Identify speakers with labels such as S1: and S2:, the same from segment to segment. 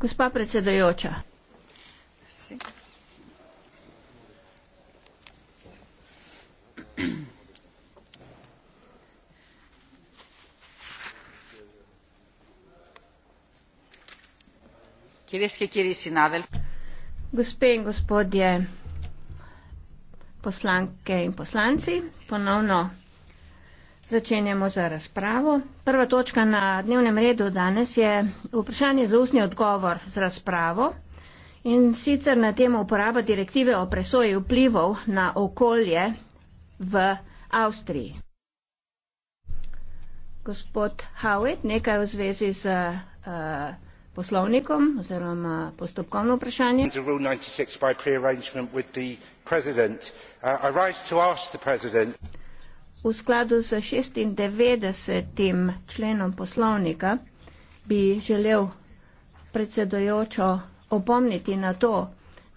S1: gospa predsedujoča gospe in gospodje poslanke in poslanci ponovno Začenjamo za razpravo. Prva točka na dnevnem redu danes je vprašanje za ustni odgovor z razpravo in sicer na temo uporaba direktive o presoji vplivov na okolje v Avstriji. Gospod Howitt, nekaj v zvezi z uh, poslovnikom oziroma postopkovno vprašanje. Uh, V skladu z 96. členom poslovnika bi želel predsedojočo opomniti na to,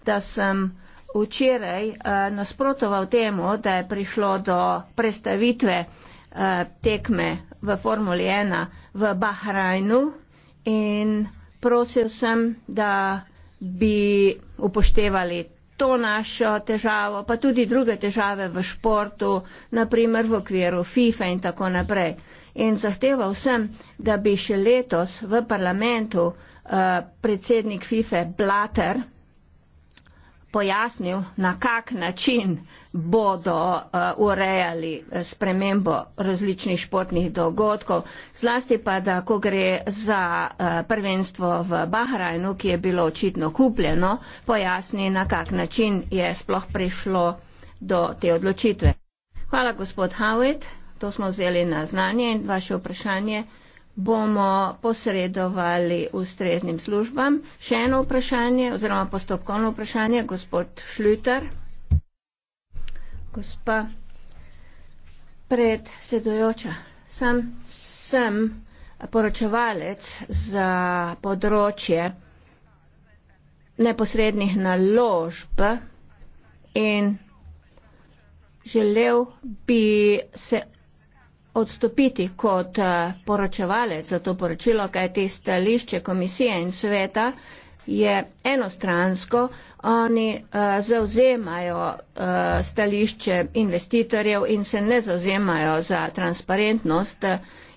S1: da sem včeraj eh, nasprotoval temu, da je prišlo do predstavitve eh, tekme v Formuli 1 v Bahrajnu in prosil sem, da bi upoštevali to našo težavo, pa tudi druge težave v športu, naprimer v okviru FIFA in tako naprej. In zahteval sem, da bi še letos v parlamentu uh, predsednik FIFA Blater, pojasnil, na kak način bodo uh, urejali eh, spremembo različnih športnih dogodkov. Zlasti pa, da ko gre za uh, prvenstvo v Bahrajnu, ki je bilo očitno kupljeno, pojasni, na kak način je sploh prišlo do te odločitve. Hvala, gospod Howitt. To smo vzeli na znanje in vaše vprašanje bomo posredovali ustreznim službam. Še eno vprašanje oziroma postopkovno vprašanje, gospod Šljuter. Gospa predsedujoča, sem, sem poročevalec za področje neposrednih naložb in želel bi se odstopiti kot eh, poročevalec za to poročilo, kaj te stališče komisije in sveta je enostransko. Oni uh, eh, zauzemajo uh, eh, stališče investitorjev in se ne zauzemajo za transparentnost.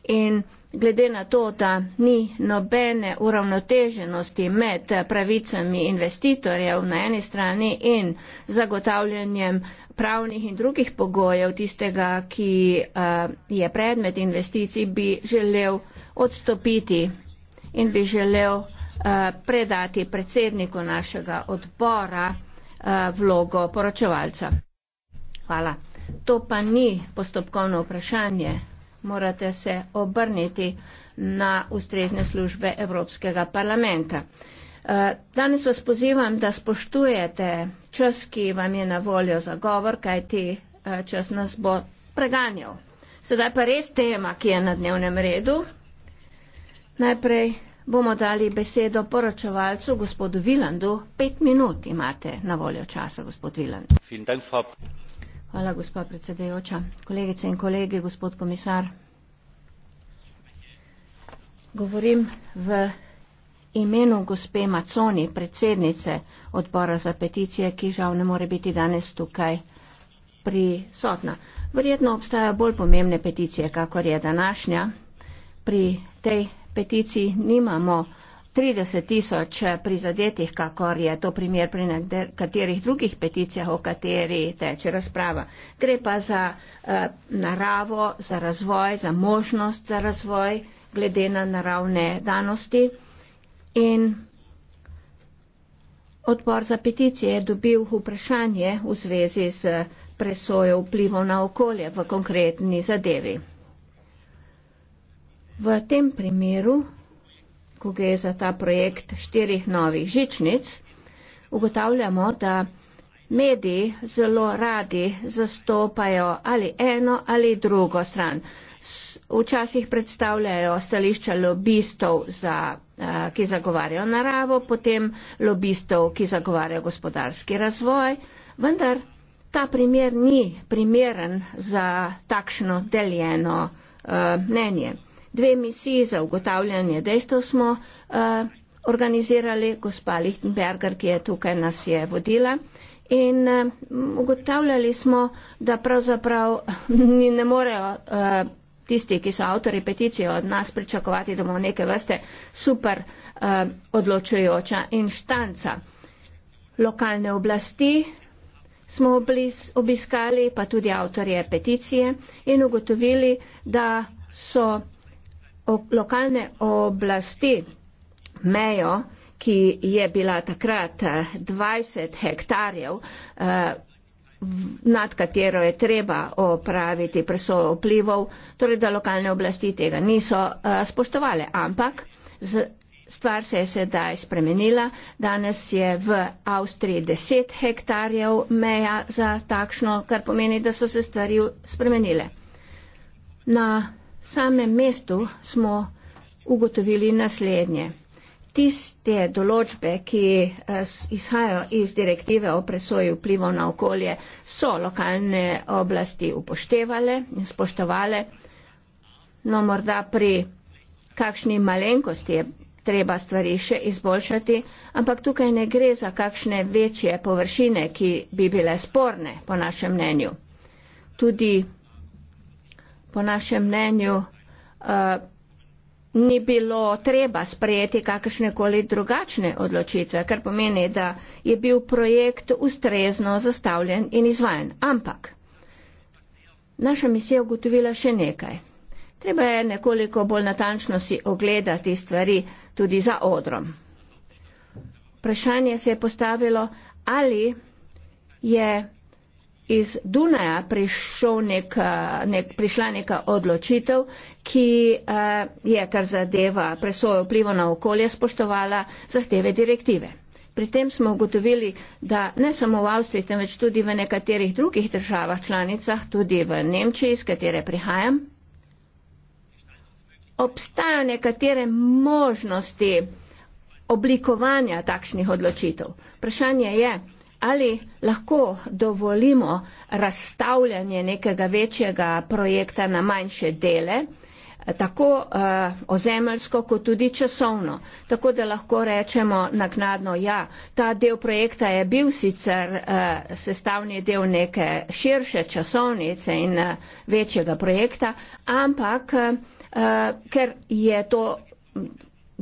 S1: In glede na to, da ni nobene uravnoteženosti med pravicami investitorjev na eni strani in zagotavljanjem pravnih in drugih pogojev tistega, ki eh, je predmet investicij, bi želel odstopiti in bi želel eh, predati predsedniku našega odbora eh, vlogo poročevalca. Hvala. To pa ni postopkovno vprašanje. Morate se obrniti na ustrezne službe Evropskega parlamenta. Eh, danes vas pozivam, da spoštujete čas, ki vam je na voljo za govor, kaj ti eh, čas nas bo preganjal. Sedaj pa res tema, ki je na dnevnem redu. Najprej bomo dali besedo poročevalcu, gospodu Vilandu. Pet minut imate na voljo časa, gospod Viland. Hvala, gospod predsedujoča. Kolegice in kolegi, gospod komisar. Govorim v imenu gospe Maconi, predsednice odbora za peticije, ki žal ne more biti danes tukaj prisotna. Verjetno obstajajo bolj pomembne peticije, kakor je današnja. Pri tej peticiji nimamo 30 tisoč prizadetih, kakor je to primer pri nekaterih drugih peticijah, o kateri teče razprava. Gre pa za eh, naravo, za razvoj, za možnost za razvoj glede na naravne danosti. In odbor za peticije je dobil vprašanje v zvezi z presojo vplivov na okolje v konkretni zadevi. V tem primeru, ko gre za ta projekt štirih novih žičnic, ugotavljamo, da mediji zelo radi zastopajo ali eno ali drugo stran včasih predstavljajo stališča lobistov, za, eh, ki zagovarjajo naravo, potem lobistov, ki zagovarjajo gospodarski razvoj, vendar ta primer ni primeren za takšno deljeno eh, mnenje. Dve misiji za ugotavljanje dejstev smo eh, organizirali, gospa Lichtenberger, ki je tukaj nas je vodila. In ugotavljali smo, da pravzaprav ne morejo tisti, ki so avtori peticije od nas pričakovati, da bomo neke vrste super uh, odločujoča inštanca. Lokalne oblasti smo obis, obiskali, pa tudi avtorje peticije in ugotovili, da so lokalne oblasti mejo, ki je bila takrat 20 eh, hektarjev, uh, nad katero je treba opraviti presojo vplivov, torej da lokalne oblasti tega niso uh, spoštovale. Ampak z, stvar se je sedaj spremenila. Danes je v Avstriji 10 hektarjev meja za takšno, kar pomeni, da so se stvari spremenile. Na samem mestu smo ugotovili naslednje tiste določbe, ki eh, izhajajo iz direktive o presoji vplivov na okolje, so lokalne oblasti upoštevale in spoštovale. No, morda pri kakšni malenkosti je treba stvari še izboljšati, ampak tukaj ne gre za kakšne večje površine, ki bi bile sporne, po našem mnenju. Tudi po našem mnenju. Uh, ni bilo treba sprejeti kakršne koli drugačne odločitve, kar pomeni, da je bil projekt ustrezno zastavljen in izvajen. Ampak naša misija je ugotovila še nekaj. Treba je nekoliko bolj natančno si ogledati stvari tudi za odrom. Vprašanje se je postavilo, ali je iz Dunaja nek, eh, nek, prišla neka odločitev, ki eh, je, kar zadeva presojo vpliva na okolje, spoštovala zahteve direktive. Pri tem smo ugotovili, da ne samo v Avstriji, temveč tudi v nekaterih drugih državah članicah, tudi v Nemčiji, iz katere prihajam, obstajajo nekatere možnosti oblikovanja takšnih odločitev. Vprašanje je, ali lahko dovolimo razstavljanje nekega večjega projekta na manjše dele, tako uh, eh, ozemelsko, kot tudi časovno. Tako da lahko rečemo naknadno, ja, ta del projekta je bil sicer uh, sestavni del neke širše časovnice in uh, večjega projekta, ampak uh, uh, ker je to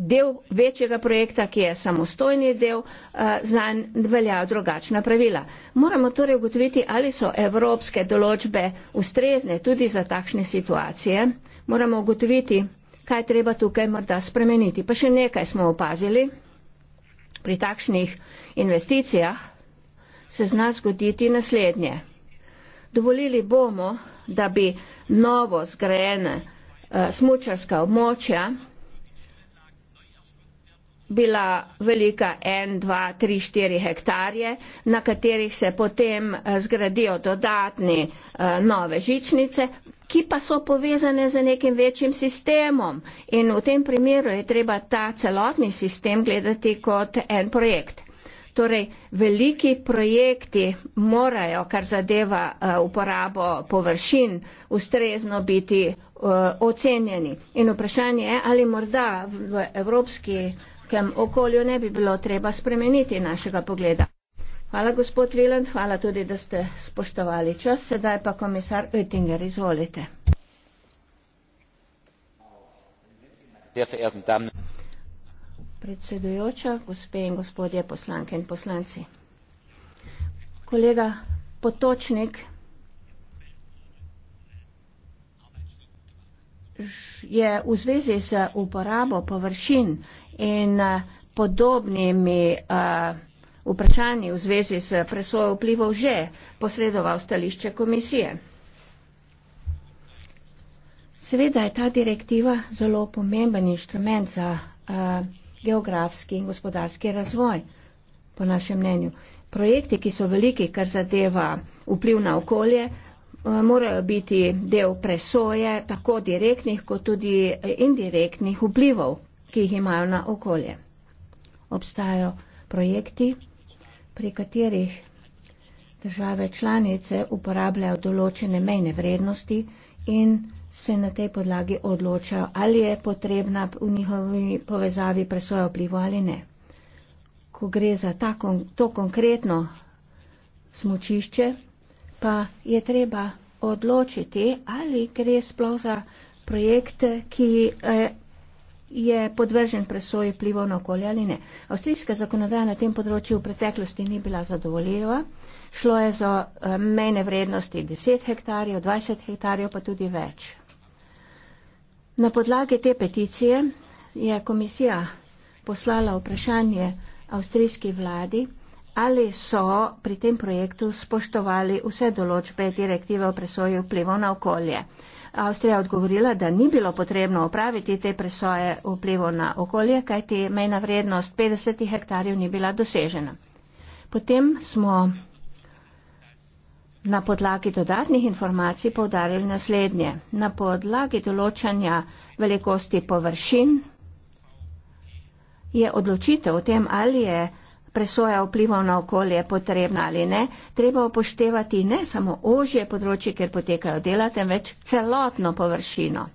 S1: del večjega projekta, ki je samostojni del, eh, za njega veljajo drugačna pravila. Moramo torej ugotoviti, ali so evropske določbe ustrezne tudi za takšne situacije. Moramo ugotoviti, kaj treba tukaj morda spremeniti. Pa še nekaj smo opazili. Pri takšnih investicijah se zna zgoditi naslednje. Dovolili bomo, da bi novo zgrajene uh, smučarska območja bila velika 1, 2, 3, 4 hektarje, na katerih se potem eh, zgradijo dodatne eh, nove žičnice, ki pa so povezane z nekim večjim sistemom. In v tem primeru je treba ta celotni sistem gledati kot en projekt. Torej, veliki projekti morajo, kar zadeva eh, uporabo površin, ustrezno biti ocenjeni. In vprašanje je, ali morda v evropski takem okolju ne bi bilo treba spremeniti našega pogleda. Hvala, gospod Viland, hvala tudi, da ste spoštovali čas. Sedaj pa komisar Oettinger, izvolite. Predsedujoča, gospe in gospodje poslanke in poslanci. Kolega Potočnik, je v zvezi z uporabo površin in eh, podobnimi eh, vprašanji v zvezi s presojo vplivov že posredoval stališče komisije. Seveda je ta direktiva zelo pomemben inštrument za eh, geografski in gospodarski razvoj, po našem mnenju. Projekti, ki so veliki, kar zadeva vpliv na okolje, Eh, morajo biti del presoje tako direktnih kot tudi indirektnih vplivov, ki jih imajo na okolje. Obstajajo projekti, pri katerih države članice uporabljajo določene mejne vrednosti in se na tej podlagi odločajo, ali je potrebna v njihovi povezavi presoja vplivo ali ne. Ko gre za ta, to konkretno smočišče, pa je treba odločiti, ali gre sploh za projekt, ki eh, je podvržen presoji plivo na okolje ali ne. Avstrijska zakonodaja na tem področju v preteklosti ni bila zadovoljiva. Šlo je za eh, mejne vrednosti 10 hektarjev, 20 hektarjev, pa tudi več. Na podlage te peticije je komisija poslala vprašanje avstrijski vladi, ali so pri tem projektu spoštovali vse določbe direktive o presoji vplivov na okolje. Avstrija je odgovorila, da ni bilo potrebno upraviti te presoje vplivov na okolje, kajti mejna vrednost 50 hektarjev ni bila dosežena. Potem smo na podlagi dodatnih informacij povdarjali naslednje. Na podlagi določanja velikosti površin je odločitev o tem, ali je presoja vplivov na okolje potrebna ali ne, treba upoštevati ne samo ožje področje, kjer potekajo dela, temveč celotno površino.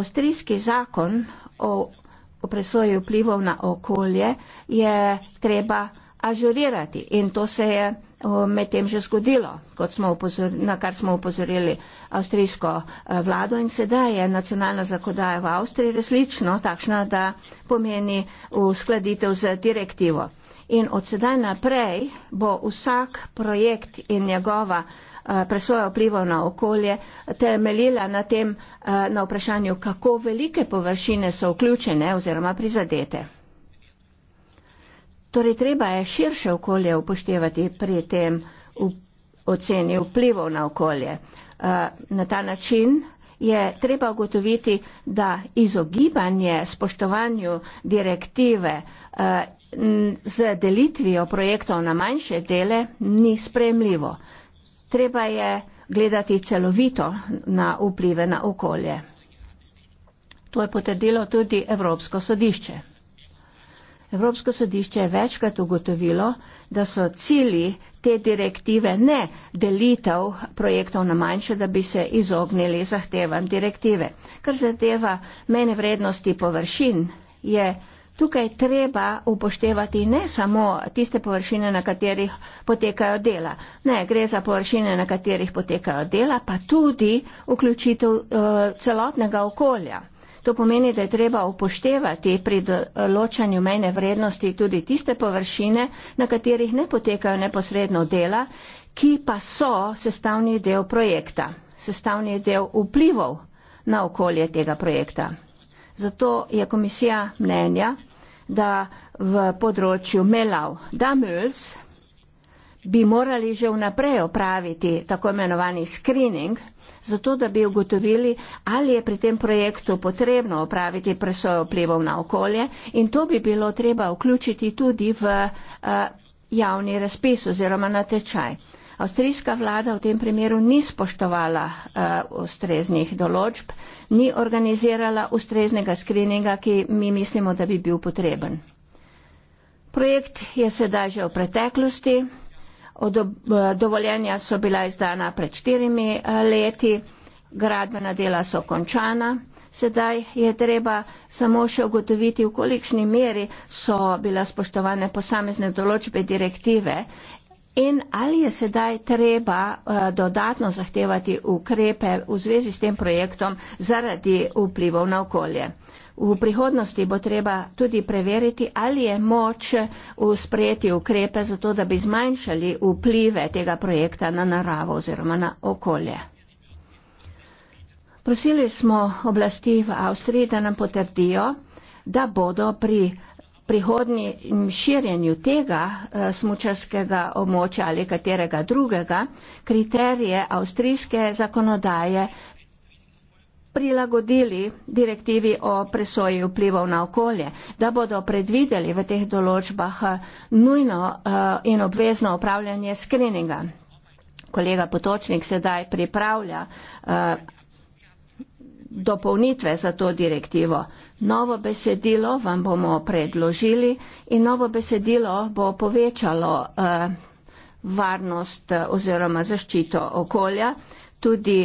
S1: Avstrijski zakon o, o presoji vplivov na okolje je treba ažurirati in to se je medtem že zgodilo, na kar smo upozorili avstrijsko eh, vlado in sedaj je nacionalna zakodaja v Avstriji resnično takšna, da pomeni uskladitev z direktivo. In od sedaj naprej bo vsak projekt in njegova eh, presoja vplivov na okolje temeljila na tem, eh, na vprašanju, kako velike površine so vključene oziroma prizadete. Torej, treba je širše okolje upoštevati pri tem v oceni vplivov na okolje. Eh, na ta način je treba ugotoviti, da izogibanje spoštovanju direktive eh, z delitvijo projektov na manjše dele ni spremljivo. Treba je gledati celovito na vplive na okolje. To je potrdilo tudi Evropsko sodišče. Evropsko sodišče je večkrat ugotovilo, da so cilji te direktive ne delitev projektov na manjše, da bi se izognili zahtevam direktive. Kar zadeva mene vrednosti površin, je tukaj treba upoštevati ne samo tiste površine, na katerih potekajo dela. Ne, gre za površine, na katerih potekajo dela, pa tudi vključitev uh, celotnega okolja. To pomeni, da je treba upoštevati pri določanju mejne vrednosti tudi tiste površine, na katerih ne potekajo neposredno dela, ki pa so sestavni del projekta, sestavni del vplivov na okolje tega projekta. Zato je komisija mnenja, da v področju Melau Damöls, bi morali že vnaprej opraviti tako imenovani screening, zato da bi ugotovili, ali je pri tem projektu potrebno opraviti presojo vplivov na okolje in to bi bilo treba vključiti tudi v uh, javni razpis oziroma na tečaj. Avstrijska vlada v tem primeru ni spoštovala uh, ustreznih določb, ni organizirala ustreznega skrininga, ki mi mislimo, da bi bil potreben. Projekt je sedaj že v preteklosti. Eh, dovoljenja so bila izdana pred štirimi eh, leti, gradbena dela so končana. Sedaj je treba samo še ugotoviti, v kolikšni meri so bila spoštovane posamezne določbe direktive in ali je sedaj treba eh, dodatno zahtevati ukrepe v zvezi s tem projektom zaradi vplivov na okolje. V prihodnosti bo treba tudi preveriti, ali je moč usprejeti eh, ukrepe za to, da bi zmanjšali vplive tega projekta na naravo oziroma na okolje. Prosili smo oblasti v Avstriji, da nam potrdijo, da bodo pri prihodnjem širjenju tega eh, smučarskega območja ali katerega drugega kriterije avstrijske zakonodaje prilagodili direktivi o presoji vplivov na okolje, da bodo predvideli v teh določbah nujno eh, in obvezno upravljanje skrininga. Kolega Potočnik sedaj pripravlja eh, dopolnitve za to direktivo. Novo besedilo vam bomo predložili in novo besedilo bo povečalo eh, varnost oziroma zaščito okolja, tudi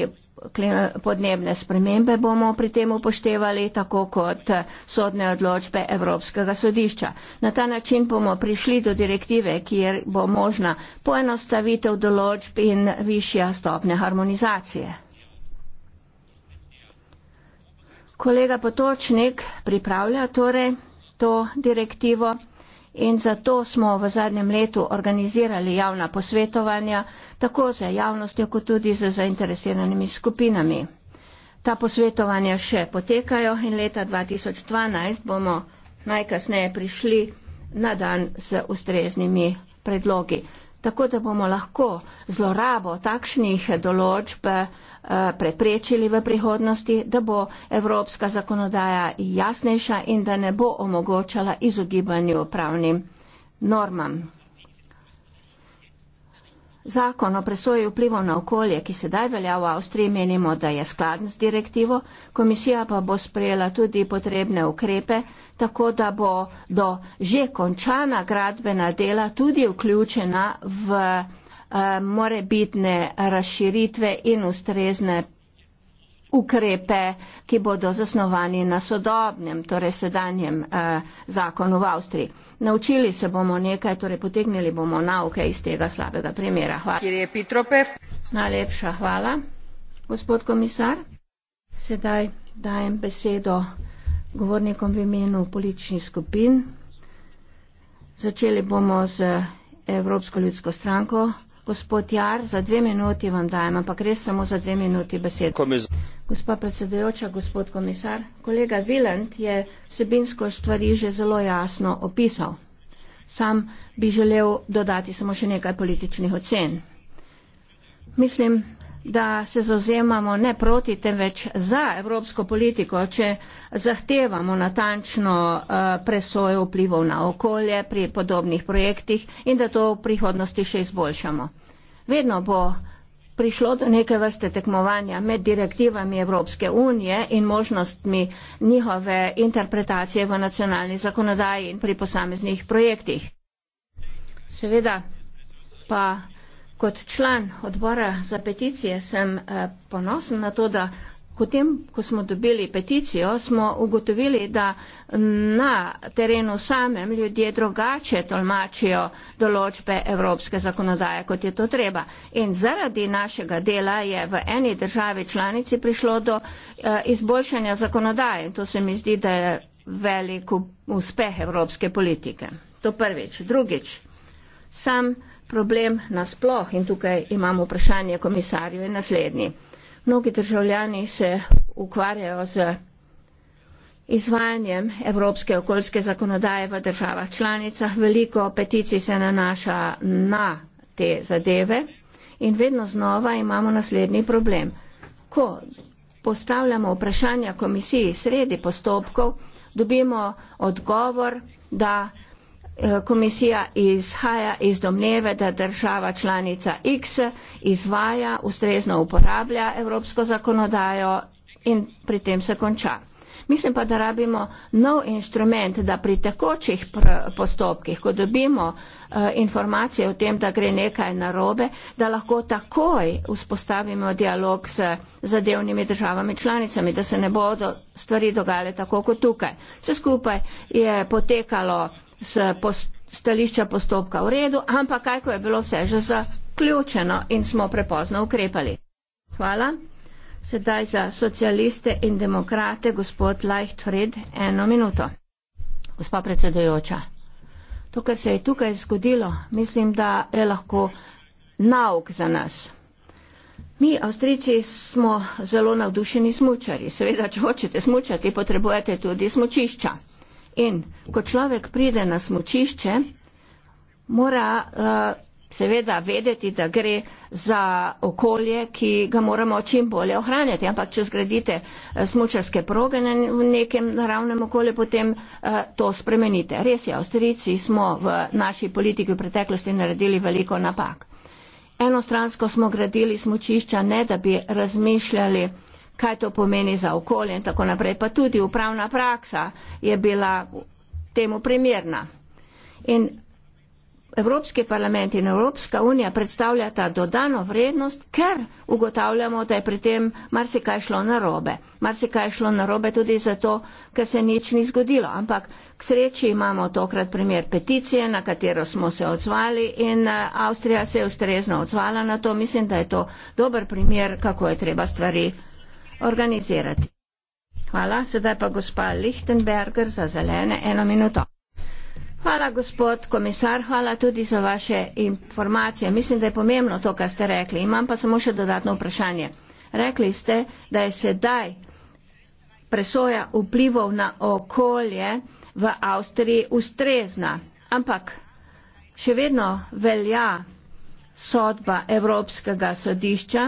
S1: podnebne spremembe bomo pri tem upoštevali, tako kot sodne odločbe Evropskega sodišča. Na ta način bomo prišli do direktive, kjer bo možna poenostavitev določb in višja stopnja harmonizacije. Kolega Potočnik pripravlja torej to direktivo in zato smo v zadnjem letu organizirali javna posvetovanja tako za javnostjo kot tudi za zainteresiranimi skupinami. Ta posvetovanja še potekajo in leta 2012 bomo najkasneje prišli na dan z ustreznimi predlogi. Tako da bomo lahko zlorabo takšnih določb preprečili v prihodnosti, da bo evropska zakonodaja jasnejša in da ne bo omogočala izogibanju pravnim normam. Zakon o presoji vplivo na okolje, ki sedaj velja v Avstriji, menimo, da je skladen z direktivo, komisija pa bo sprejela tudi potrebne ukrepe, tako da bo do že končana gradbena dela tudi vključena v Eh, morebitne razširitve in ustrezne ukrepe, ki bodo zasnovani na sodobnem, torej sedanjem eh, zakonu v Avstriji. Naučili se bomo nekaj, torej potegnili bomo nauke iz tega slabega primera. Hvala. Najlepša hvala, gospod komisar. Sedaj dajem besedo govornikom v imenu političnih skupin. Začeli bomo z Evropsko ljudsko stranko. Gospod Jar, za dve minuti vam dajem, ampak res samo za dve minuti besedo. Komis... Gospa predsedujoča, gospod komisar, kolega Viland je sebinsko stvari že zelo jasno opisal. Sam bi želel dodati samo še nekaj političnih ocen. Mislim, da se zauzemamo ne proti, temveč za evropsko politiko, če zahtevamo natančno eh, presojo vplivov na okolje pri podobnih projektih in da to v prihodnosti še izboljšamo. Vedno bo prišlo do neke vrste tekmovanja med direktivami Evropske unije in možnostmi njihove interpretacije v nacionalni zakonodaji in pri posameznih projektih. Seveda pa Kot član odbora za peticije sem eh, ponosen na to, da potem, ko smo dobili peticijo, smo ugotovili, da na terenu samem ljudje drugače tolmačijo določbe evropske zakonodaje, kot je to treba. In zaradi našega dela je v eni državi članici prišlo do eh, izboljšanja zakonodaje. To se mi zdi, da je velik uspeh evropske politike. To prvič. Drugič. Sam Problem nasploh in tukaj imamo vprašanje komisarju in naslednji. Mnogi državljani se ukvarjajo z izvajanjem evropske okoljske zakonodaje v državah članicah. Veliko peticij se nanaša na te zadeve in vedno znova imamo naslednji problem. Ko postavljamo vprašanja komisiji sredi postopkov, dobimo odgovor, da Eh, komisija izhaja iz domneve, da država članica X izvaja, ustrezno uporablja evropsko zakonodajo in pri tem se konča. Mislim pa, da rabimo nov inštrument, da pri tekočih pr postopkih, ko dobimo uh, informacije o tem, da gre nekaj narobe, da lahko takoj vzpostavimo dialog z zadevnimi državami članicami, da se ne bodo stvari dogajale tako kot tukaj. Vse skupaj je potekalo s post, stališča postopka v redu, ampak kaj, ko je bilo vse že zaključeno in smo prepozno ukrepali. Hvala. Sedaj za socialiste in demokrate, gospod Lajhtfred, eno minuto. Gospa predsedujoča, to, kar se je tukaj zgodilo, mislim, da je lahko nauk za nas. Mi, avstrici, smo zelo navdušeni smučari. Seveda, če hočete smučati, potrebujete tudi smučišča. In ko človek pride na smočišče, mora uh, seveda vedeti, da gre za okolje, ki ga moramo čim bolje ohranjati. Ampak če zgradite uh, eh, smočarske proge ne, v nekem naravnem okolju, potem uh, to spremenite. Res je, Avstrijci smo v naši politiki v preteklosti naredili veliko napak. Enostransko smo gradili smočišča, ne da bi razmišljali, uh, kaj to pomeni za okolje in tako naprej. Pa tudi upravna praksa je bila temu primerna. In Evropski parlament in Evropska unija predstavljata dodano vrednost, ker ugotavljamo, da je pri tem marsikaj šlo narobe. Marsikaj šlo narobe tudi zato, ker se nič ni zgodilo. Ampak k sreči imamo tokrat primer peticije, na katero smo se odzvali in eh, Avstrija se je ustrezno odzvala na to. Mislim, da je to dober primer, kako je treba stvari organizirati. Hvala, sedaj pa gospa Lichtenberger za zelene eno minuto. Hvala, gospod komisar, hvala tudi za vaše informacije. Mislim, da je pomembno to, kar ste rekli. Imam pa samo še dodatno vprašanje. Rekli ste, da je sedaj presoja vplivov na okolje v Avstriji ustrezna, ampak še vedno velja sodba Evropskega sodišča,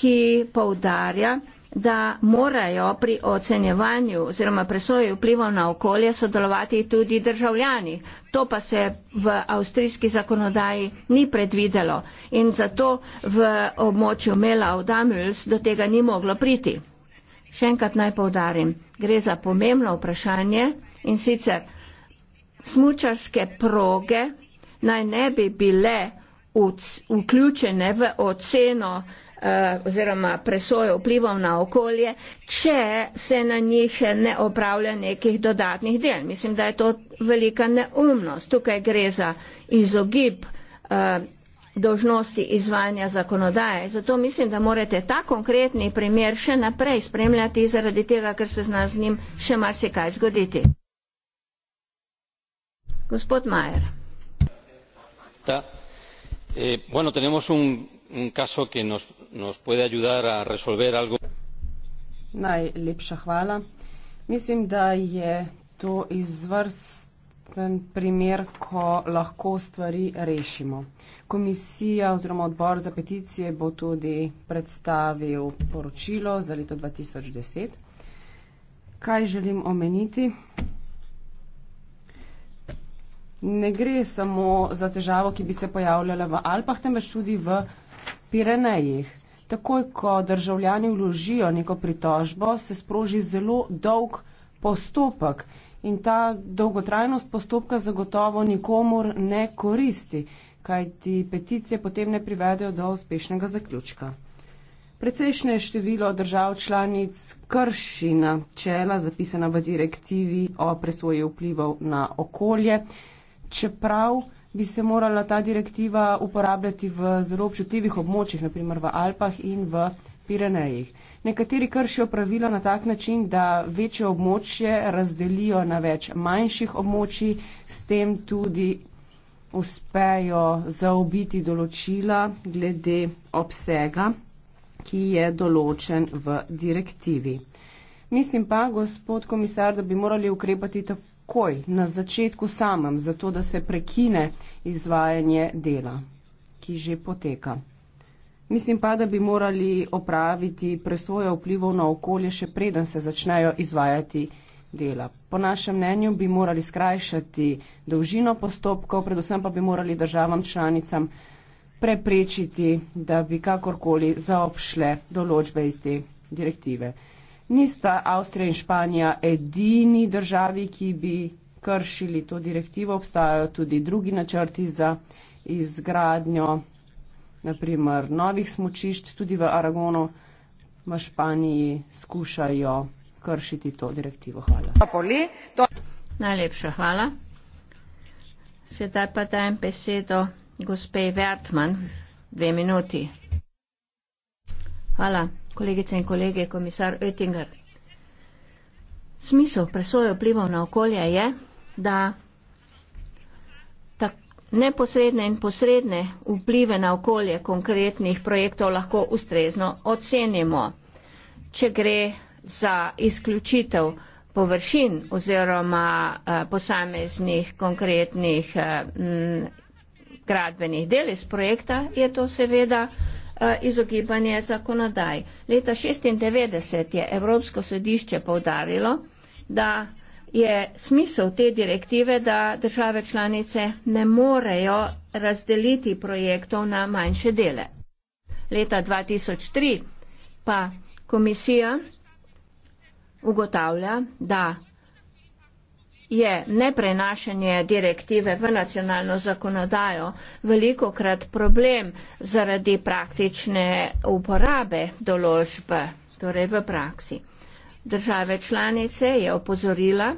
S1: ki poudarja, da morajo pri ocenjevanju oziroma presoji vplivov na okolje sodelovati tudi državljani. To pa se v avstrijski zakonodaji ni predvidelo in zato v območju Mela v Damuls do tega ni moglo priti. Še enkrat naj povdarim, gre za pomembno vprašanje in sicer smučarske proge naj ne bi bile vključene v oceno uh, Eh, oziroma presojo vplivov na okolje, če se na njih ne opravlja nekih dodatnih del. Mislim, da je to velika neumnost. Tukaj gre za izogib eh, dožnosti izvanja zakonodaje. Zato mislim, da morate ta konkretni primer še naprej spremljati, zaradi tega, ker se zna z njim še marsikaj zgoditi. Gospod Majer. Da. Eh, bueno, tenemos un un caso que nos,
S2: nos puede ayudar a resolver algo. Najlepša hvala. Mislim, da je to izvrsten primer, ko lahko stvari rešimo. Komisija oziroma odbor za peticije bo tudi predstavil poročilo za leto 2010. Kaj želim omeniti? Ne gre samo za težavo, ki bi se pojavljala v Alpah, temveč tudi v Pirenejih. Takoj, ko državljani vložijo neko pritožbo, se sproži zelo dolg postopek in ta dolgotrajnost postopka zagotovo nikomor ne koristi, kaj ti peticije potem ne privedejo do uspešnega zaključka. Precejšnje število držav članic krši načela zapisana v direktivi o presvoji vplivov na okolje, čeprav bi se morala ta direktiva uporabljati v zelo občutljivih območjih, naprimer v Alpah in v Pirenejih. Nekateri kršijo pravila na tak način, da večje območje razdelijo na več manjših območij, s tem tudi uspejo zaobiti določila glede obsega, ki je določen v direktivi. Mislim pa, gospod komisar, da bi morali ukrepati tako takoj na začetku samem, zato da se prekine izvajanje dela, ki že poteka. Mislim pa, da bi morali opraviti presvojo vplivov na okolje, še preden se začnejo izvajati dela. Po našem mnenju bi morali skrajšati dolžino postopkov, predvsem pa bi morali državam članicam preprečiti, da bi kakorkoli zaopšle določbe iz te direktive nista Avstrija in Španija edini državi, ki bi kršili to direktivo. Obstajajo tudi drugi načrti za izgradnjo naprimer novih smočišč, tudi v Aragonu v Španiji skušajo kršiti to direktivo.
S1: Hvala. Najlepša hvala. Sedaj pa dajem besedo gospe Vertman dve minuti. Hvala kolegice in kolege, komisar Oettinger. Smisel presoje vplivov na okolje je, da tak neposredne in posredne vplive na okolje konkretnih projektov lahko ustrezno ocenimo. Če gre za izključitev površin oziroma eh, posameznih konkretnih eh, gradbenih delov iz projekta, je to seveda Eh, izogibanje zakonodaj. Leta 1996 je Evropsko sodišče povdarilo, da je smisel te direktive, da države članice ne morejo razdeliti projektov na manjše dele. Leta 2003 pa komisija ugotavlja, da je neprenašanje direktive v nacionalno zakonodajo veliko krat problem zaradi praktične uporabe določbe, torej v praksi. Države članice je opozorila,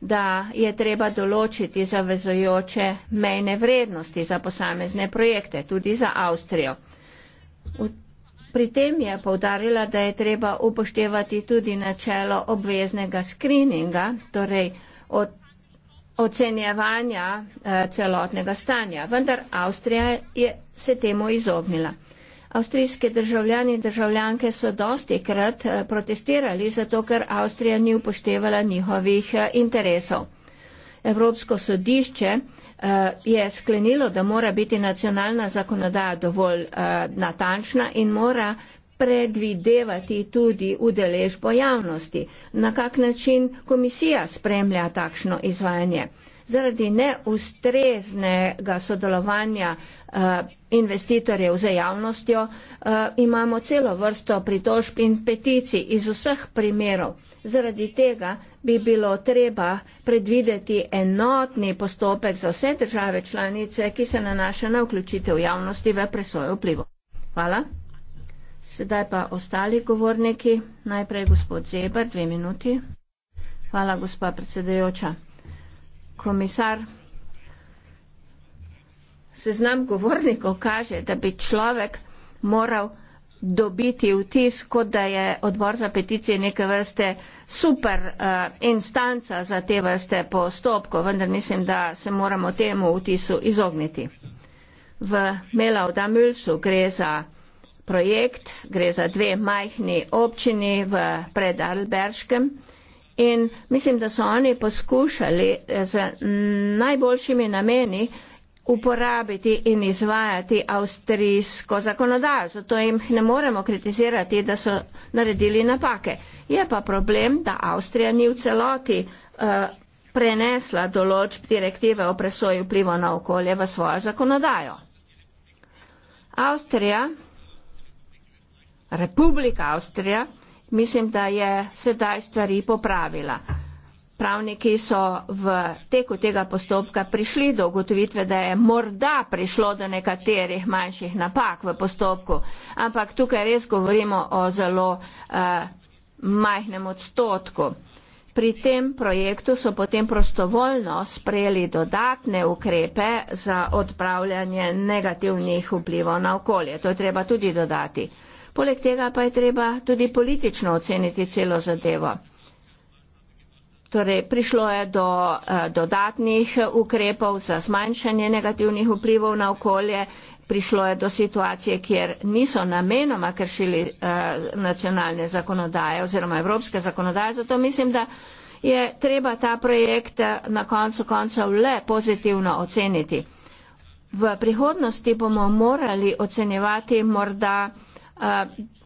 S1: da je treba določiti zavezojoče mejne vrednosti za posamezne projekte, tudi za Avstrijo. Pri tem je povdarila, da je treba upoštevati tudi načelo obveznega skrininga, torej ocenjevanja eh, celotnega stanja. Vendar Avstrija je se temu izognila. Avstrijske državljani in državljanke so dosti krat eh, protestirali, zato ker Avstrija ni upoštevala njihovih eh, interesov. Evropsko sodišče je sklenilo, da mora biti nacionalna zakonodaja dovolj natančna in mora predvidevati tudi udeležbo javnosti, na kak način komisija spremlja takšno izvajanje. Zaradi neustreznega sodelovanja uh, investitorjev z javnostjo uh, imamo celo vrsto pritožb in peticij iz vseh primerov. Zaradi tega bi bilo treba predvideti enotni postopek za vse države članice, ki se nanaša na vključitev javnosti v presojo vplivo. Hvala. Sedaj pa ostali govorniki. Najprej gospod Zeber, dve minuti. Hvala, gospa predsedujoča. Komisar, seznam govornikov kaže, da bi človek moral dobiti vtis, kot da je odbor za peticije neke vrste super uh, instanca za te vrste postopkov, vendar mislim, da se moramo temu vtisu izogniti. V Melau Damülsu gre za projekt, gre za dve majhni občini v Predalberškem in mislim, da so oni poskušali z najboljšimi nameni uporabiti in izvajati avstrijsko zakonodajo, zato jim ne moremo kritizirati, da so naredili napake. Je pa problem, da Avstrija ni v celoti uh, prenesla določb direktive o presoji vpliva na okolje v svojo zakonodajo. Avstrija Republika Avstrija, mislim, da je sedaj stvari popravila. Pravniki so v teku tega postopka prišli do ugotovitve, da je morda prišlo do nekaterih manjših napak v postopku, ampak tukaj res govorimo o zelo uh, majhnem odstotku. Pri tem projektu so potem prostovoljno sprejeli dodatne ukrepe za odpravljanje negativnih vplivov na okolje. To je treba tudi dodati. Uh, Poleg tega pa je treba tudi politično oceniti celo zadevo. Torej, prišlo je do uh, dodatnih ukrepov za zmanjšanje negativnih vplivov na okolje, prišlo je do situacije, kjer niso namenoma kršili uh, nacionalne zakonodaje oziroma evropske zakonodaje. Zato mislim, da je treba ta projekt eh, na koncu koncev le pozitivno oceniti. V prihodnosti bomo morali ocenjevati morda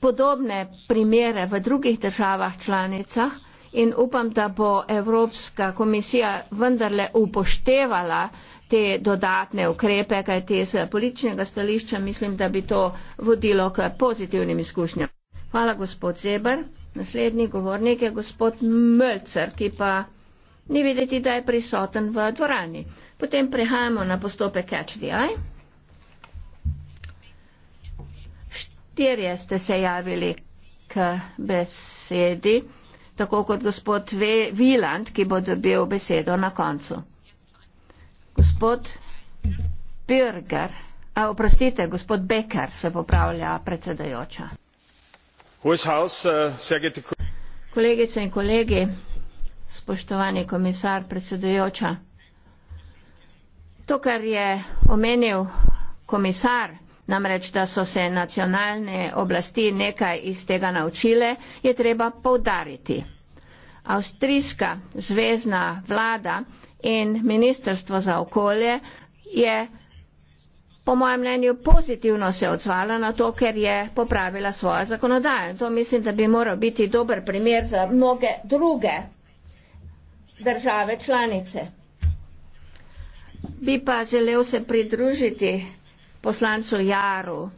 S1: podobne primere v drugih državah članicah in upam, da bo Evropska komisija vendarle upoštevala te dodatne ukrepe, kajti z političnega stališča mislim, da bi to vodilo k pozitivnim izkušnjam. Hvala, gospod Zeber. Naslednji govornik je gospod Mölcer, ki pa ni videti, da je prisoten v dvorani. Potem prehajamo na postopek catch the eye. štirje ste se javili k besedi, tako kot gospod Viland, ki bo dobil besedo na koncu. Gospod Birger, a oprostite, gospod Becker se popravlja predsedajoča. Eh, Kolegice in kolegi, spoštovani komisar predsedajoča, to, kar je omenil komisar, namreč da so se nacionalne oblasti nekaj iz tega naučile, je treba povdariti. Avstrijska zvezdna vlada in Ministrstvo za okolje je po mojem mnenju pozitivno se odzvala na to, ker je popravila svojo zakonodajo. To mislim, da bi moral biti dober primer za mnoge druge države članice. Bi pa želel se pridružiti poslancu Jaru,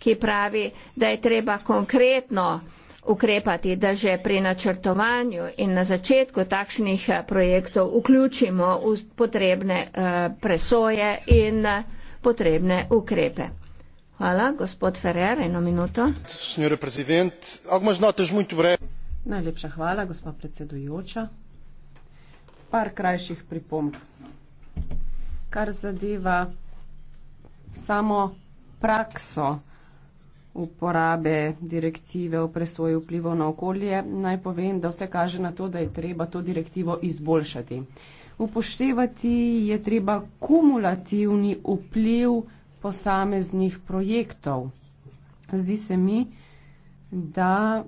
S1: ki pravi, da je treba konkretno ukrepati, da že pri načrtovanju in na začetku takšnih eh, projektov vključimo v potrebne eh, presoje in eh, potrebne ukrepe. Hvala, gospod Ferrer, eno minuto.
S2: Najlepša hvala, gospod predsedujoča. Par krajših pripomb. Kar zadeva samo prakso uporabe direktive o presoji vplivov na okolje, naj povem, da vse kaže na to, da je treba to direktivo izboljšati. Upoštevati je treba kumulativni vpliv posameznih projektov. Zdi se mi, da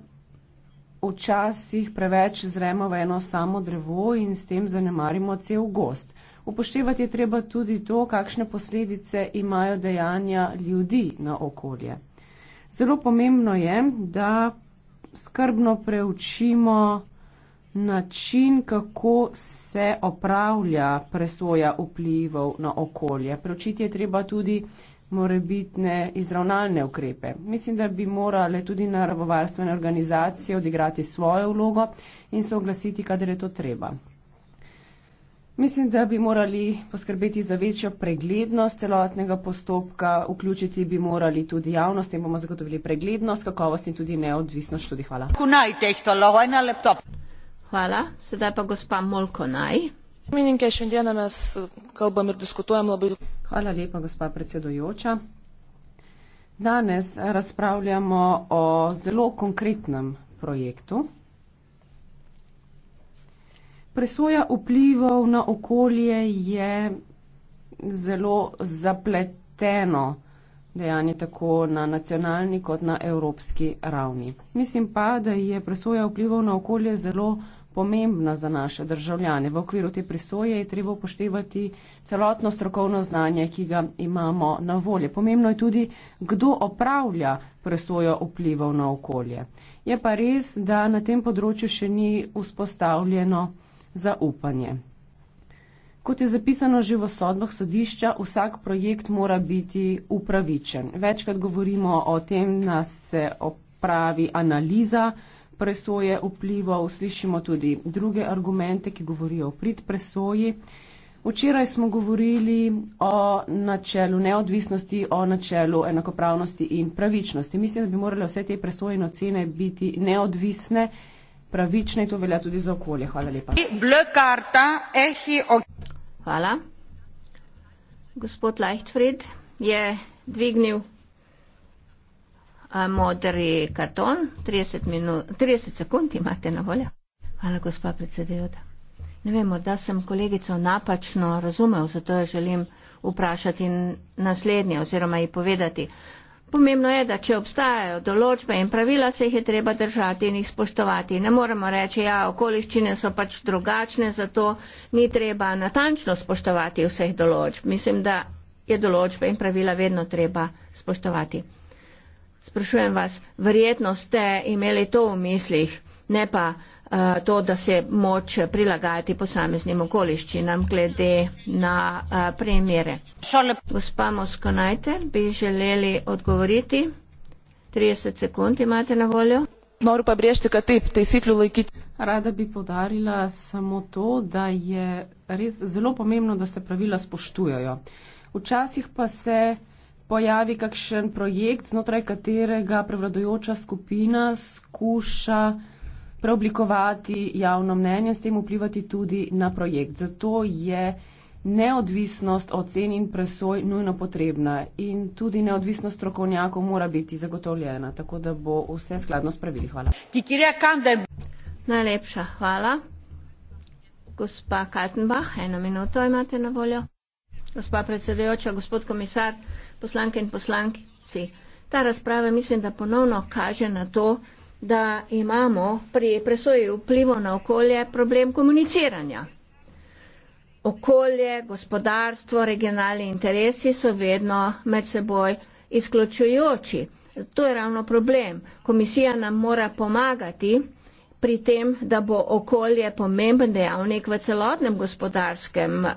S2: včasih preveč zremo v eno samo drevo in s tem zanemarimo cel gost upoštevati je treba tudi to, kakšne posledice imajo dejanja ljudi na okolje. Zelo pomembno je, da skrbno preučimo način, kako se opravlja presoja vplivov na okolje. Preučiti je treba tudi morebitne izravnalne ukrepe. Mislim, da bi morale tudi naravovarstvene organizacije odigrati svojo vlogo in se oglasiti, kadar je to treba. Mislim, da bi morali poskrbeti za večjo preglednost celotnega postopka, vključiti bi morali tudi javnost in bomo zagotovili preglednost, kakovost in tudi neodvisnost študij. Hvala.
S1: Hvala. Sedaj pa
S2: gospa Molko naj. Hvala lepa, gospa predsedojoča. Danes razpravljamo o zelo konkretnem projektu. Presoja vplivov na okolje je zelo zapleteno dejanje tako na nacionalni kot na evropski ravni. Mislim pa, da je presoja vplivov na okolje zelo pomembna za naše državljane. V okviru te presoje je treba upoštevati celotno strokovno znanje, ki ga imamo na volje. Pomembno je tudi, kdo opravlja presojo vplivov na okolje. Je pa res, da na tem področju še ni vzpostavljeno zaupanje. Kot je zapisano že v sodbah sodišča, vsak projekt mora biti upravičen. Večkrat govorimo o tem, da se opravi analiza presoje vplivov, slišimo tudi druge argumente, ki govorijo o prid presoji. Včeraj smo govorili o načelu neodvisnosti, o načelu enakopravnosti in pravičnosti. Mislim, da bi morale vse te presoje in ocene biti neodvisne pravične in to velja tudi za okolje. Hvala lepa. Hvala.
S1: Gospod Leichtfried je dvignil eh, modri karton. 30, minut, 30 sekund imate na voljo. Hvala, gospa predsedujoča. Ne vem, morda sem kolegico napačno razumel, zato jo želim vprašati naslednje oziroma ji povedati. Pomembno je, da če obstajajo določbe in pravila, se jih je treba držati in jih spoštovati. Ne moremo reči, ja, okoliščine so pač drugačne, zato ni treba natančno spoštovati vseh določb. Mislim, da je določbe in pravila vedno treba spoštovati. Sprašujem vas, verjetno ste imeli to v mislih, ne pa. Eh, to, da se moč prilagajati posameznim okoliščinam glede na eh, premjere. Gospa Moskonajte, bi želeli odgovoriti? 30 sekund imate na voljo. Noro pa brešte, kaj tip,
S2: te siklu lojkiti. Rada bi podarila samo to, da je res zelo pomembno, da se pravila spoštujajo. Včasih pa se pojavi kakšen projekt, znotraj katerega prevladojoča skupina skuša preoblikovati javno mnenje, s tem vplivati tudi na projekt. Zato je neodvisnost ocen in presoj nujno potrebna in tudi neodvisnost strokovnjakov mora biti zagotovljena, tako da bo vse skladno s pravili. Hvala.
S1: Najlepša hvala. Gospa Kaltenbach, eno minuto imate na voljo. Gospa predsedujoča, gospod komisar, poslanke in poslanki, ta razprava mislim, da ponovno kaže na to, da imamo pri presoji vplivo na okolje problem komuniciranja. Okolje, gospodarstvo, regionalni interesi so vedno med seboj izključujoči. To je ravno problem. Komisija nam mora pomagati pri tem, da bo okolje pomemben dejavnik v celotnem gospodarskem uh,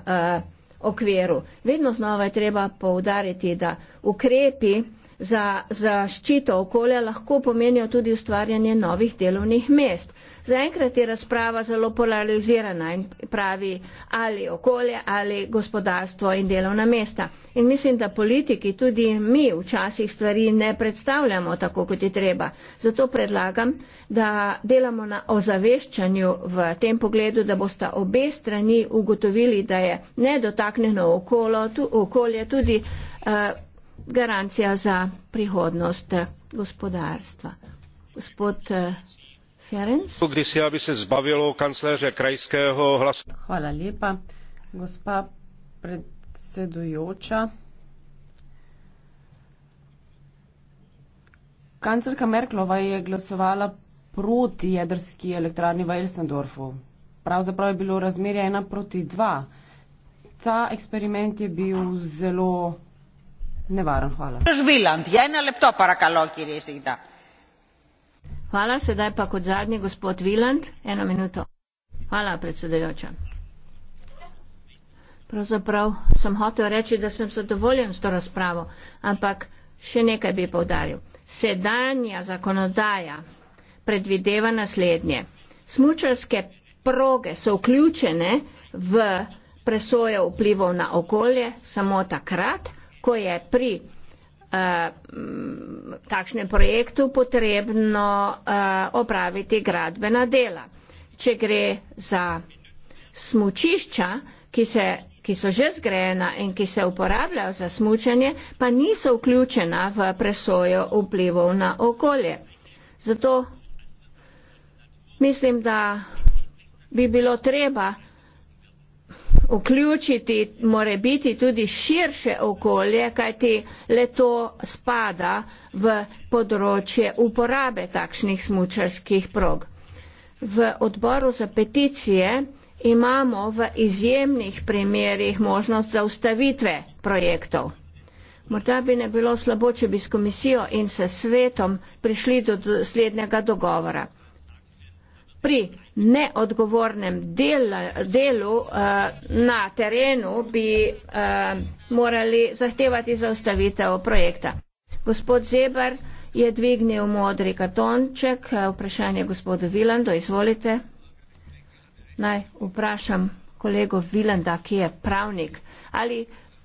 S1: okviru. Vedno znova je treba poudariti, da ukrepi, za zaščito okolja lahko pomenijo tudi ustvarjanje novih delovnih mest. Zaenkrat je razprava zelo polarizirana in pravi ali okolje ali gospodarstvo in delovna mesta. In mislim, da politiki tudi mi včasih stvari ne predstavljamo tako, kot je treba. Zato predlagam, da delamo na ozaveščanju v tem pogledu, da boste obe strani ugotovili, da je nedotaknjeno okolo, tu, okolje tudi uh, garancija za prihodnost gospodarstva.
S2: Gospod eh, Ferenc. Kdy si, aby se zbavilo kancléře krajského hlasu? Hvala lepa. Gospa predsedujoča, Kancelka Merklova je glasovala proti jedrski elektrarni v Elsendorfu. Pravzaprav je bilo razmerje ena proti dva. Ta eksperiment je bil zelo
S1: Hvala, sedaj pa kot zadnji gospod Viland, eno minuto. Hvala, predsedujoča. Pravzaprav sem hotel reči, da sem zadovoljen s to razpravo, ampak še nekaj bi povdaril. Sedanja zakonodaja predvideva naslednje. Smučarske proge so vključene v presojo vplivov na okolje samo takrat, ko je pri uh, takšnem projektu potrebno uh, opraviti gradbena dela. Če gre za smučišča, ki, se, ki so že zgrajena in ki se uporabljajo za smučanje, pa niso vključena v presojo vplivov na okolje. Zato mislim, da bi bilo treba vključiti more biti tudi širše okolje, kajti le to spada v področje uporabe takšnih smučarskih prog. V odboru za peticije imamo v izjemnih primerih možnost zaustavitve projektov. Morda bi ne bilo slabo, če bi s komisijo in s svetom prišli do doslednega dogovora pri neodgovornem del, delu uh, na terenu bi uh, morali zahtevati zaustavitev projekta. Gospod Zebar je dvignil modri kartonček. Eh, vprašanje gospodu Vilando, izvolite. Naj vprašam kolego Vilanda, ki je pravnik. Ali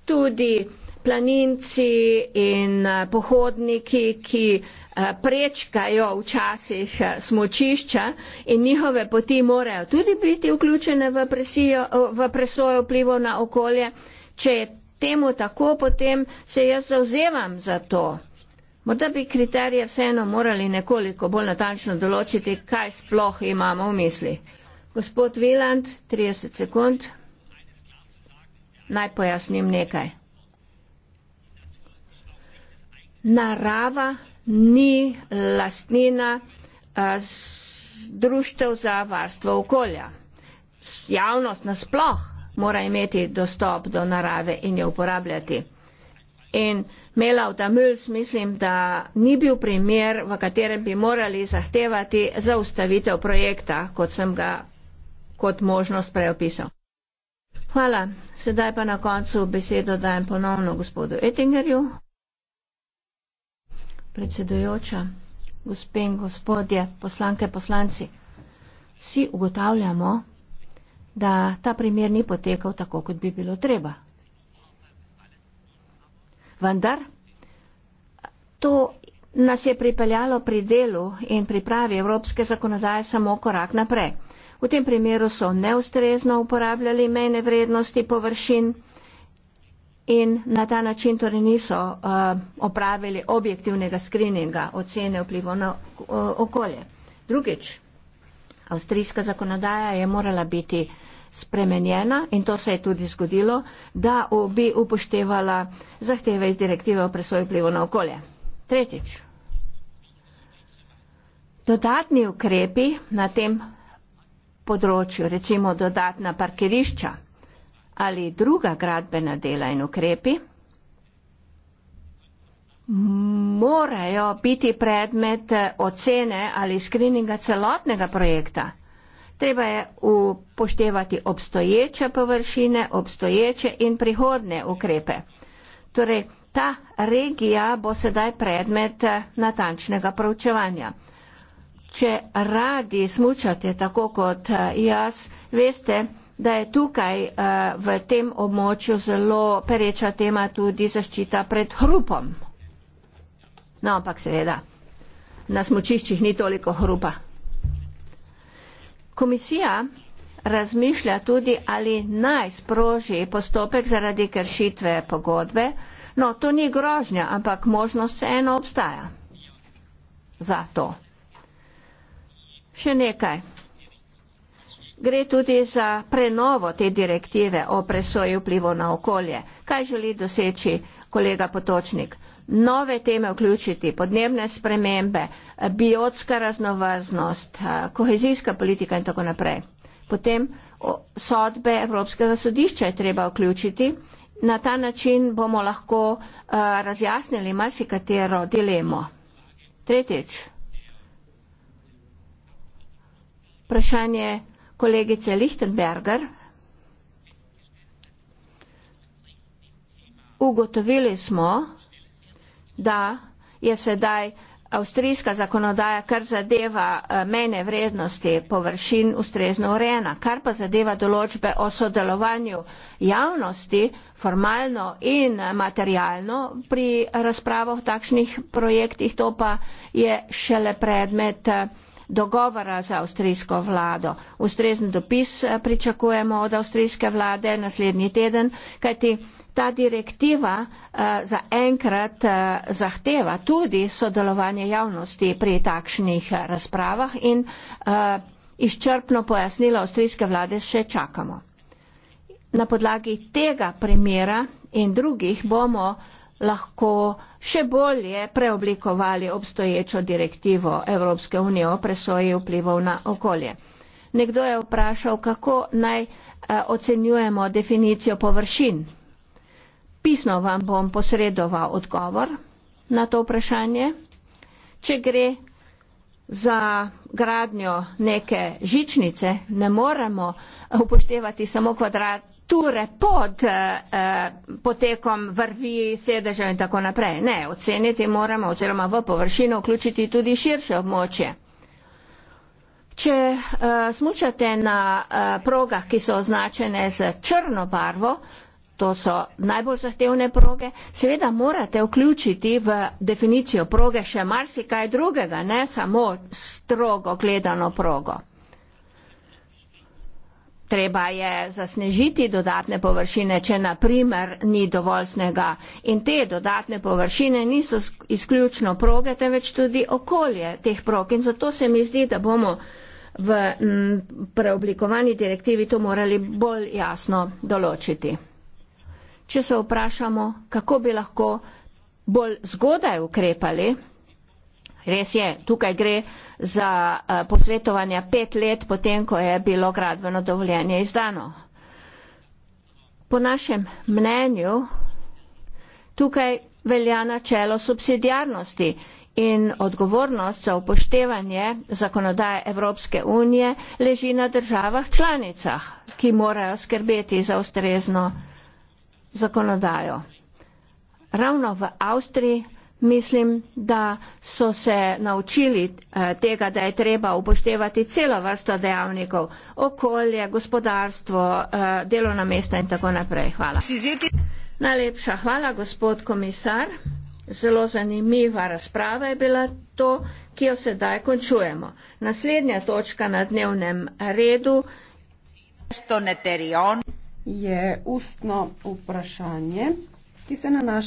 S1: tudi uh, planinci in eh, pohodniki, ki eh, prečkajo včasih eh, smočišča in njihove poti morajo tudi biti vključene v, presijo, v presojo vplivo na okolje. Če je temu tako, potem se jaz zauzevam za to. Morda bi kriterije vseeno morali nekoliko bolj natančno določiti, kaj sploh imamo v misli. Gospod Viland, 30 sekund. Naj pojasnim nekaj narava ni eh, lastnina eh, društev za varstvo okolja. Javnost nasploh mora imeti dostop do narave in jo uporabljati. In Melav Damuls mislim, da ni bil primer, v katerem bi morali zahtevati zaustavitev projekta, kot sem ga kot možnost preopisal. Hvala. Sedaj pa na koncu besedo dajem ponovno gospodu Ettingerju predsedujoča, gospe in gospodje, poslanke, poslanci. Vsi ugotavljamo, da ta primer ni potekal tako, kot bi bilo treba. Vendar to nas je pripeljalo pri delu in pripravi evropske zakonodaje samo korak naprej. V tem primeru so neustrezno uporabljali mejne vrednosti površin in na ta način torej niso uh, opravili objektivnega skrininga ocene vplivo na uh, okolje. Drugič, avstrijska zakonodaja je morala biti spremenjena in to se je tudi zgodilo, da bi upoštevala zahteve iz direktive o presoji vplivo na okolje. Tretjič, dodatni ukrepi na tem področju, recimo dodatna parkirišča, ali druga gradbena dela in ukrepi morajo biti predmet ocene ali skrininga celotnega projekta. Treba je upoštevati obstoječe površine, obstoječe in prihodne ukrepe. Torej, ta regija bo sedaj predmet natančnega proučevanja. Če radi smučate tako kot jaz, veste, da je tukaj uh, v tem območju zelo pereča tema tudi zaščita pred hrupom. No, ampak seveda, na smočiščih ni toliko hrupa. Komisija razmišlja tudi, ali naj sproži postopek zaradi kršitve pogodbe. No, to ni grožnja, ampak možnost se eno obstaja. Zato. Še nekaj gre tudi za prenovo te direktive o presoji vplivo na okolje. Kaj želi doseči kolega Potočnik? Nove teme vključiti, podnebne spremembe, biotska raznovrznost, eh, kohezijska politika in tako naprej. Potem sodbe Evropskega sodišča je treba vključiti. Na ta način bomo lahko uh, razjasnili marsikatero dilemo. Tretjič. Vprašanje kolegice Lichtenberger. Ugotovili smo, da je sedaj avstrijska zakonodaja, kar zadeva eh, mene vrednosti površin, ustrezno urejena, kar pa zadeva določbe o sodelovanju javnosti formalno in materialno pri razpravah o takšnih projektih, to pa je šele predmet eh, dogovora za avstrijsko vlado. Ustrezen dopis eh, pričakujemo od avstrijske vlade naslednji teden, kajti ta direktiva eh, zaenkrat eh, zahteva tudi sodelovanje javnosti pri takšnih razpravah in izčrpno pojasnilo avstrijske vlade še čakamo. Na podlagi tega primera in drugih bomo lahko še bolje preoblikovali obstoječo direktivo Evropske unije o presoji vplivov na okolje. Nekdo je vprašal, kako naj eh, ocenjujemo definicijo površin. Pisno vam bom posredoval odgovor na to vprašanje. Če gre za gradnjo neke žičnice, ne moremo upoštevati samo kvadrat strukture pod eh, eh, potekom vrvi, sedežev in tako naprej. Ne, oceniti moramo oziroma v površino vključiti tudi širše območje. Če eh, smučate na eh, progah, ki so označene z črno barvo, to so najbolj zahtevne proge, seveda morate vključiti v definicijo proge še marsikaj drugega, ne samo strogo gledano progo treba je zasnežiti dodatne površine, če naprimer ni dovolj snega. In te dodatne površine niso izključno proge, temveč tudi okolje teh prog. In zato se mi zdi, da bomo v preoblikovani direktivi to morali bolj jasno določiti. Če se vprašamo, kako bi lahko bolj zgodaj ukrepali, res je, tukaj gre za eh, posvetovanja pet let, potem ko je bilo gradbeno dovoljenje izdano. Po našem mnenju tukaj velja načelo subsidijarnosti in odgovornost za upoštevanje zakonodaje Evropske unije leži na državah članicah, ki morajo skrbeti za ustrezno zakonodajo. Ravno v Avstriji mislim, da so se naučili eh, tega, da je treba upoštevati celo vrsto dejavnikov, okolje, gospodarstvo, eh, delovna mesta in tako naprej. Hvala. Najlepša hvala, gospod komisar. Zelo zanimiva razprava je bila to, ki jo sedaj končujemo. Naslednja točka na dnevnem redu je ustno vprašanje, ki se nanaša.